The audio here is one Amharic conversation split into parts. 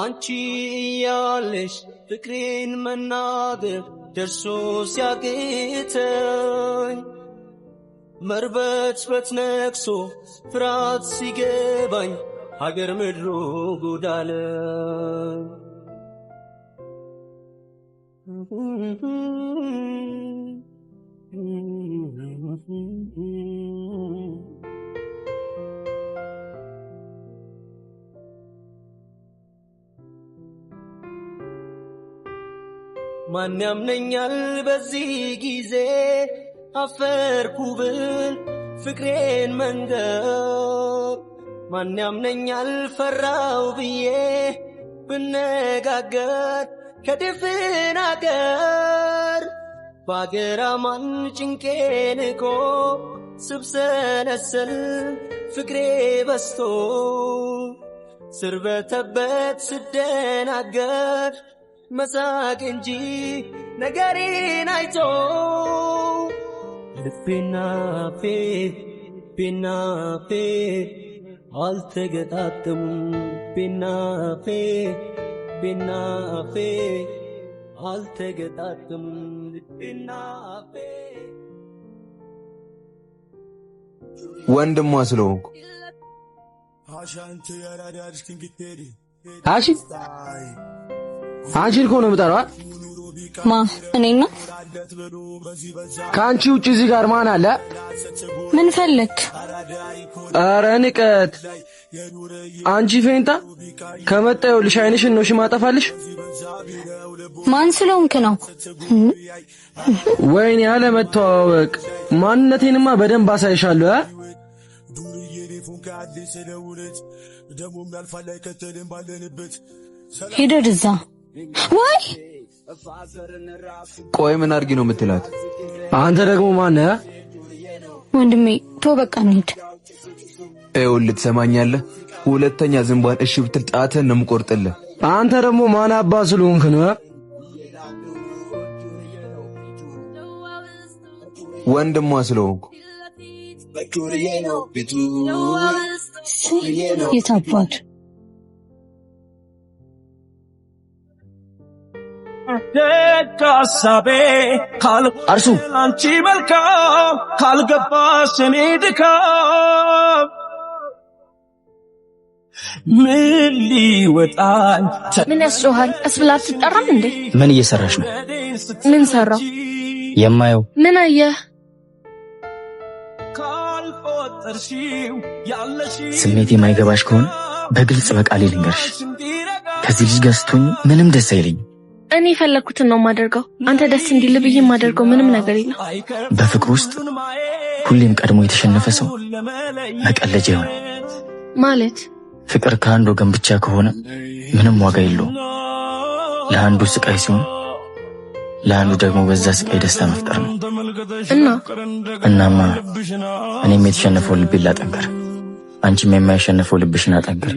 አንቺ እያለሽ ፍቅሬን መናገር ደርሶ ሲያቅተኝ መርበትበት ነክሶ ፍርሃት ሲገባኝ ሀገር ምድሩ ጉዳለ Mm-hmm. ማን ያምነኛል በዚህ ጊዜ አፈርኩ ብል ፍቅሬን መንገር ማን ያምነኛል ፈራው ብዬ ብነጋገር ከድፍን አገር በአገራማን ጭንቄን እኮ ስብሰለሰል ፍቅሬ በስቶ ስርበተበት ስደናገር መሳቅ እንጂ ነገሬን አይቶ ልቤናፌ ቤናፌ አልተገጣጠሙ ቤናፌ ቤናፌ አልተገጣጠሙ ልቤናፌ ወንድሟ ስለሆንኩ አሻንቱ የራዳድሽ ክንግቴሪ አሺ አንቺ እኮ ነው የምጠራው። ማ እኔና ከአንቺ ውጭ እዚህ ጋር ማን አለ? ምን ፈለክ? አረ ንቀት! አንቺ ፌንታ ከመጣ ይኸውልሽ፣ አይንሽን ነው ሽማጠፋልሽ። ማን ስለሆንክ ነው? ወይኔ ያለ መተዋወቅ። ማንነቴንማ በደንብ አሳይሻለሁ። ሂደድ እዛ ወይ ቆይ ምን አድርጊ ነው የምትላት? አንተ ደግሞ ማነህ? ወንድሜ ቶ በቃ እንሂድ። ይኸውልህ ትሰማኛለህ? ሁለተኛ ዝንቧን እሺ ብትል ጣትህን ነው የምቆርጥልህ። አንተ ደግሞ ማን አባ ስለሆንክ ነው? ወንድሟ ስለሆንኩ የታባት ደግ ሐሳቤ አርሱ አንቺ መልካም ካልገባሽ እኔ ድካም ምን ሊወጣል? ምን ያስጮሃል? ቀስ ብላ እንዴ? ምን እየሰራሽ ነው? ምን ሰራው? የማየው ምን አየህ? ስሜት የማይገባሽ ከሆነ በግልጽ በቃሌ ልንገርሽ፣ ከዚህ ልጅ ጋር ስትሆኝ ምንም ደስ አይለኝም። እኔ የፈለግኩትን ነው የማደርገው። አንተ ደስ እንዲል ብዬ የማደርገው ምንም ነገር የለም። በፍቅር ውስጥ ሁሌም ቀድሞ የተሸነፈ ሰው መቀለጃ ይሆን ማለት። ፍቅር ከአንድ ወገን ብቻ ከሆነ ምንም ዋጋ የለውም። ለአንዱ ስቃይ ሲሆን ለአንዱ ደግሞ በዛ ስቃይ ደስታ መፍጠር ነው። እና እናማ እኔም የተሸነፈው ልቤን ላጠንክር፣ አንቺም የማይሸነፈው ልብሽን አጠንክር።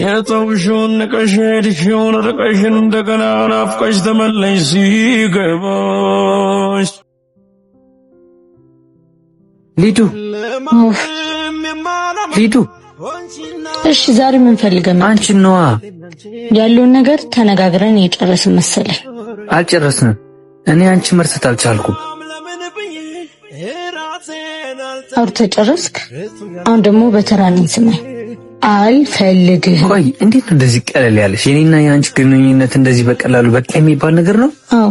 የተውሽውን ንቀሽ ሄድሽውን ርቀሽ እንደገና ናፍቀሽ ተመለሽ ሲገባሽ ሊዱ ሊዱ እሺ ዛሬ ምን ፈልገን? አንቺ ነዋ። ያለውን ነገር ተነጋግረን የጨረስን መሰለ አልጨረስንም። እኔ አንቺ መርሳት አልቻልኩም። አውርተህ ጨረስክ? አሁን ደግሞ በተራ ነኝ ስማኝ አልፈልግህም። ቆይ እንዴት ነው እንደዚህ ቀለል ያለሽ? የኔና የአንቺ ግንኙነት እንደዚህ በቀላሉ በቃ የሚባል ነገር ነው? አዎ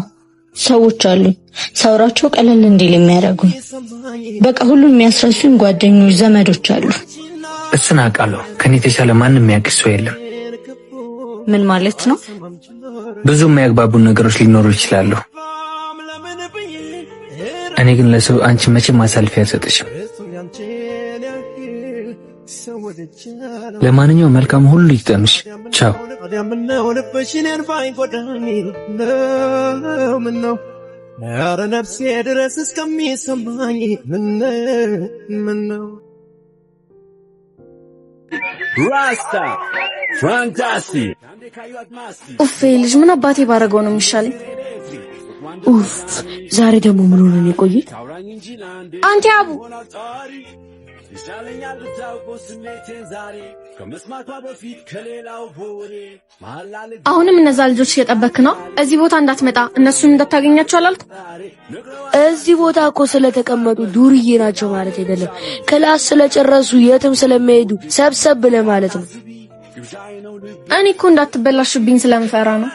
ሰዎች አሉ። ሳውራቸው ቀለል እንዲል የሚያደርጉ በቃ ሁሉም የሚያስረሱኝ ጓደኞች፣ ዘመዶች አሉ። እሱን አውቃለሁ። ከኔ የተሻለ ማንም የሚያውቅሽ ሰው የለም። ምን ማለት ነው? ብዙ የሚያግባቡን ነገሮች ሊኖሩ ይችላሉ። እኔ ግን ለሰው አንቺ መቼም አሳልፌ አልሰጥሽም። ለማንኛውም መልካም ሁሉ ይጠምሽ። ቻው። ኧረ ነፍሴ ድረስ እስከሚሰማኝ ምነው ራስታ ፋንታሲ ኡፌ ልጅ ምን አባቴ ባረገው ነው የሚሻለኝ? ኡፍ ዛሬ ደግሞ ምን ሆነን የቆየ አንተ አቡ ይሻለኛል ብታውቁ ስሜቴን ዛሬ ከመስማቷ በፊት ከሌላው ቦሬ አሁንም እነዛ ልጆች እየጠበክ ነው። እዚህ ቦታ እንዳትመጣ እነሱን እንዳታገኛቸው አላልኩ። እዚህ ቦታ እኮ ስለተቀመጡ ዱርዬ ናቸው ማለት አይደለም። ክላስ ስለጨረሱ የትም ስለሚሄዱ ሰብሰብ ብለህ ማለት ነው። እኔ እኮ እንዳትበላሽብኝ ስለምፈራ ነው።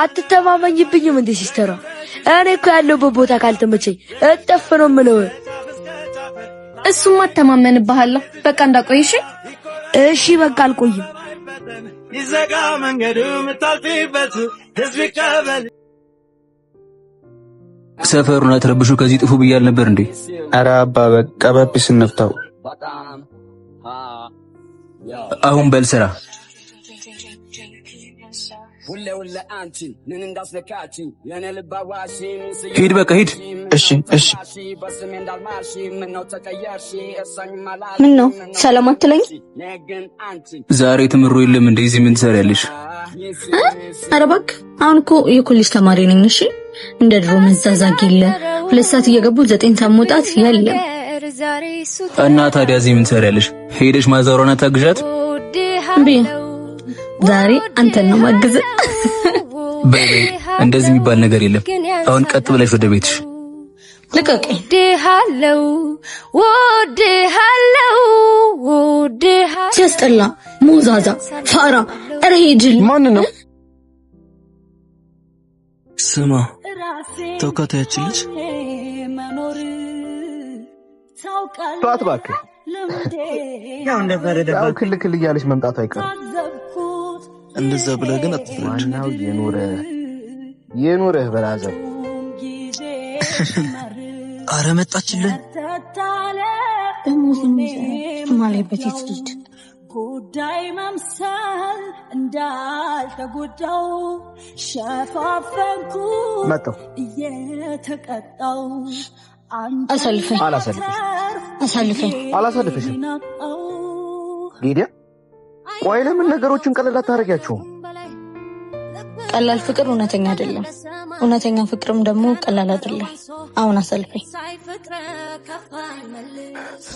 አትተማመኝብኝም እንዴ ሲስተራ? እኔ እኮ ያለሁበት ቦታ ካልተመቸኝ እጠፍ ነው የምለው። እሱማ እተማመንብሃለሁ። በቃ እንዳቆይሽ። እሺ በቃ አልቆይም። ይዘጋ መንገዱ የምታልፊበት ህዝብ ይቀበል። ሰፈሩን አትረብሹ፣ ከዚህ ጥፉ ብያል ነበር እንዴ? አረ አባ በቃ በፒስ እንፍታው። አሁን በል ስራ ሁሌውን ለአንቺን ምን የኔ ሂድ በቃ ሂድ። እሺ እሺ። ምን ነው ሰላም አትለኝ? ዛሬ ትምሮ የለም እንደ እዚህ ምን ትሰሪያለሽ? ኧረ እባክህ አሁን እኮ የኮሌጅ ተማሪ ነኝ። እሺ እንደ ድሮ መዛዛግ የለ። ሁለት ሰዓት እየገቡ ዘጠኝ ሰዓት መውጣት የለም። እና ታዲያ እዚህ ምን ትሰሪያለሽ? ሄደሽ ማዛሯን አታግዣት ብዬ ዛሬ አንተን ነው ማግዝ። በይ በይ፣ እንደዚህ የሚባል ነገር የለም። አሁን ቀጥ ብለሽ ወደ ቤትሽ ልቀቀኝ። ወድሃለው፣ ወድሃለው፣ ወድሃለው። ሲያስጠላ፣ ሞዛዛ፣ ፋራ፣ ኧረ ማን ነው ስማ፣ ተውካታያችን ልጅ ታውቃለህ ያው እንደበረደባ ክል እያለች መምጣቱ አይቀርም። እንደዛ ብለ ግን ዋናው የኖረህ የኖረህ በራዘር አረ መጣችልን ማለበት የትልድ ጉዳይ መምሰል እንዳልተጎዳው ሸፋፈንኩ መጣሁ እየተቀጣው አሳልፈኝ ቆይ፣ ለምን ነገሮችን ቀለል አታደርጊያቸውም? ቀላል ፍቅር እውነተኛ አይደለም፣ እውነተኛ ፍቅርም ደግሞ ቀላል አይደለም። አሁን አሳልፈኝ።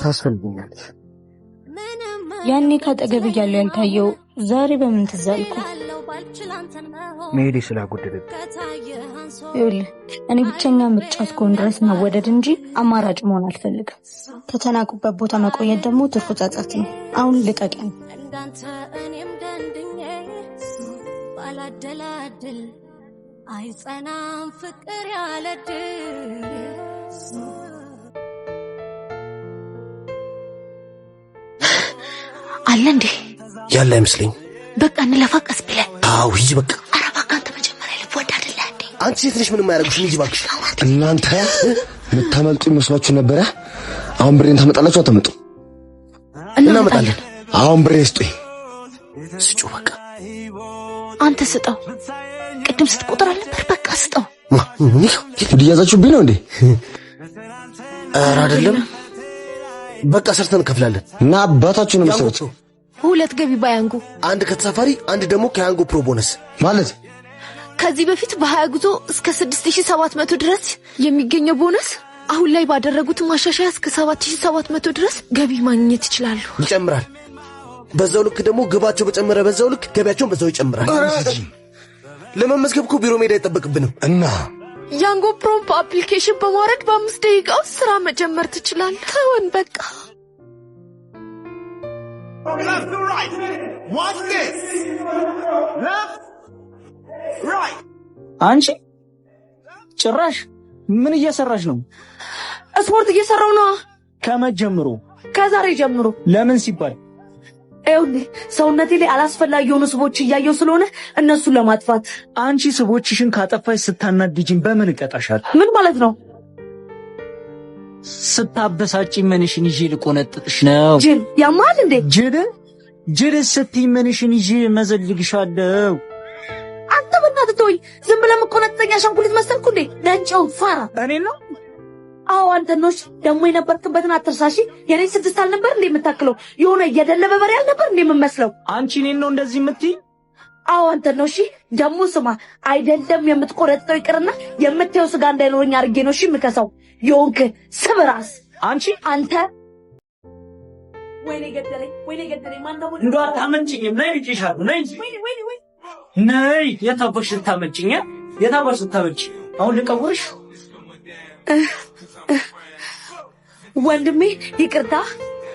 ታስፈልገኛለሽ። ያኔ ካጠገብ እያለሁ ያልታየው ዛሬ በምን ትዝ መሄዴ ስላጎደለብኝ ይኸውልህ፣ እኔ ብቸኛ ምርጫ እስከሆን ድረስ መወደድ እንጂ አማራጭ መሆን አልፈልግም። ከተናቁበት ቦታ መቆየት ደግሞ ትርፉ ጸጸት ነው። አሁን ልቀቀኝ። ባላደላድል አይጸናም ፍቅር ያለ አለ እንዴ? ያለ አይመስለኝ። በቃ እንለፋቀስ። አዎ ሂጂ በቃ። ኧረ እባክህ አንተ መጀመሪያ ልትወድ አይደለ እንዴ? አንቺ ሴት ነሽ፣ ምንም አያደርጉሽ። ሂጂ እባክሽ። እናንተ የምታመልጡ መስሏችሁ ነበረ። አሁን ብሬን ታመጣላችሁ። አታመጡ። እናመጣለን። አሁን ብሬ ስጡኝ። ስጩ በቃ። አንተ ስጠው። ቅድም ስትቆጥር አልነበር? በቃ ስጠው። ጉድ እያዛችሁብኝ ነው እንዴ? ኧረ አይደለም። በቃ ሰርተን እንከፍላለን። እና አባታችሁ ነው መሰረት ሁለት ገቢ ባያንጉ፣ አንድ ከተሳፋሪ፣ አንድ ደግሞ ከያንጉ ፕሮ ቦነስ ማለት ከዚህ በፊት በሀያ ጉዞ እስከ 6700 ድረስ የሚገኘው ቦነስ አሁን ላይ ባደረጉት ማሻሻያ እስከ 7700 ድረስ ገቢ ማግኘት ይችላሉ። ይጨምራል። በዛው ልክ ደግሞ ግባቸው በጨመረ በዛው ልክ ገቢያቸውን በዛው ይጨምራል። ለመመዝገብ እኮ ቢሮ ሜዳ አይጠበቅብንም እና ያንጎ ፕሮምፕ አፕሊኬሽን በማውረድ በአምስት ደቂቃ ውስጥ ስራ መጀመር ትችላለህ። ተወን በቃ። Left to right. Watch this. Left, right. አንቺ ጭራሽ ምን እየሰራሽ ነው? ስፖርት እየሰራው ነው። ጀምሮ ከዛሬ ጀምሮ ለምን ሲባል ይኸውልህ ሰውነቴ ላይ አላስፈላጊ የሆኑ ስቦች እያየው ስለሆነ እነሱን ለማጥፋት። አንቺ ስቦችሽን ካጠፋሽ ስታናድጂኝ በምን እቀጣሻለሁ? ምን ማለት ነው? ስታበሳጭ መንሽን ይዤ ልቆነጥጥሽ ነው። ጅል ያማል እንዴ? ጅል ጅል ስትይ መንሽን ይዤ መዘልግሻለሁ። አንተ በእናትህ ተወኝ። ዝም ብለህ መቆነጠጠኛ አሻንጉሊት መሰልኩ እንዴ? ነጨው ፋራ። እኔ ነው አዎ አንተኖች ደግሞ የነበርክበትን አትርሳሺ። የኔ ስድስት አልነበር እንዴ የምታክለው? የሆነ የደለ በሬ አልነበር እንዴ የምመስለው? አንቺ እኔን ነው እንደዚህ የምትይ? አዎ አንተ ነው። እሺ ደግሞ ስማ፣ አይደለም የምትቆረጥጠው ይቅርና የምታየው ስጋ እንዳይኖረኝ አድርጌ ነው እሺ የምከሳው የሆንክ ስብራስ አንቺ አንተ ወይኔ ገደለኝ፣ ወይኔ ገደለኝ። ማን እንደው አታመንጭኝም? ነይ ልጭሻለሁ። ነይ ነይ። የታባሽ ልታመንጭኝ? የታባሽ ልታመንጭ? አሁን ልቀውርሽ። ወንድሜ ይቅርታ።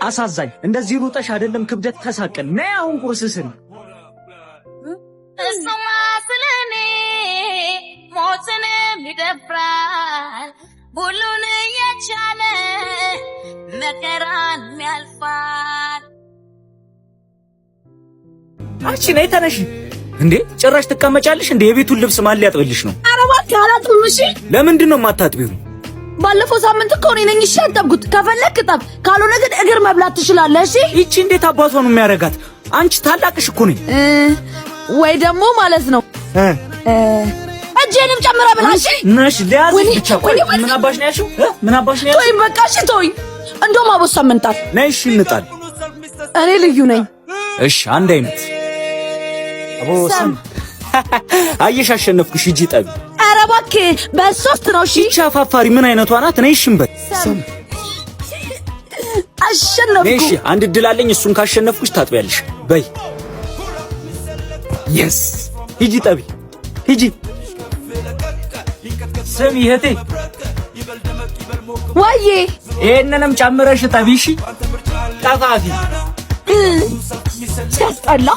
አሳዛኝ። እንደዚህ ሩጠሽ አይደለም ክብደት ተሳቀን። ነይ አሁን ቁርስስን እሱማ ስለኔ ሞትን የሚደፍራ ሁሉን የቻለ መከራን ያልፋል። አንቺ ነይ ተነሽ። እንዴ ጭራሽ ትቀመጫለሽ እንዴ? የቤቱን ልብስ ማን ሊያጥብልሽ ነው? ኧረ እባክህ አላጥብም። እሺ ለምንድን ነው የማታጥቢው? ባለፈው ሳምንት እኮ እኔ ነኝ እሺ ያጠብኩት። ከፈለክ ጠብ፣ ካልሆነ ግን እግር መብላት ትችላለህ። እሺ ይቺ እንዴት አባቷ ነው የሚያረጋት? አንቺ ታላቅሽ እኮ ነኝ። ወይ ደግሞ ማለት ነው እ እጄንም ጨምረህ ብላ። እሺ ነሽ ሊያዝ ብቻ። ቆይ ምን አባሽ ነው ያልሽው? ምን አባሽ ነው ያልሽው? በቃ እሺ ተወኝ። እንደውም አቦሳ ምንጣል ነይ። እሺ እንጣል። እኔ ልዩ ነኝ። እሺ አንድ አይነት አቦሳ። አየሽ አሸነፍኩሽ። እጂ ጠቢ። ኧረ እባክህ በሶስት ነው። እሺ ይቺ አፋፋሪ ምን አይነቷ ናት? ነይ። እሺ እንበል። አሸነፍኩ። እሺ አንድ እድል አለኝ። እሱን ካሸነፍኩሽ ታጥቢያለሽ። በይ የስ ሂጂ ጠቢ ሂጂ ስም ይህቴ ወዬ ይህንንም ጨምረሽ ጠቢሽ ጠፋፊ ሲያስጠላ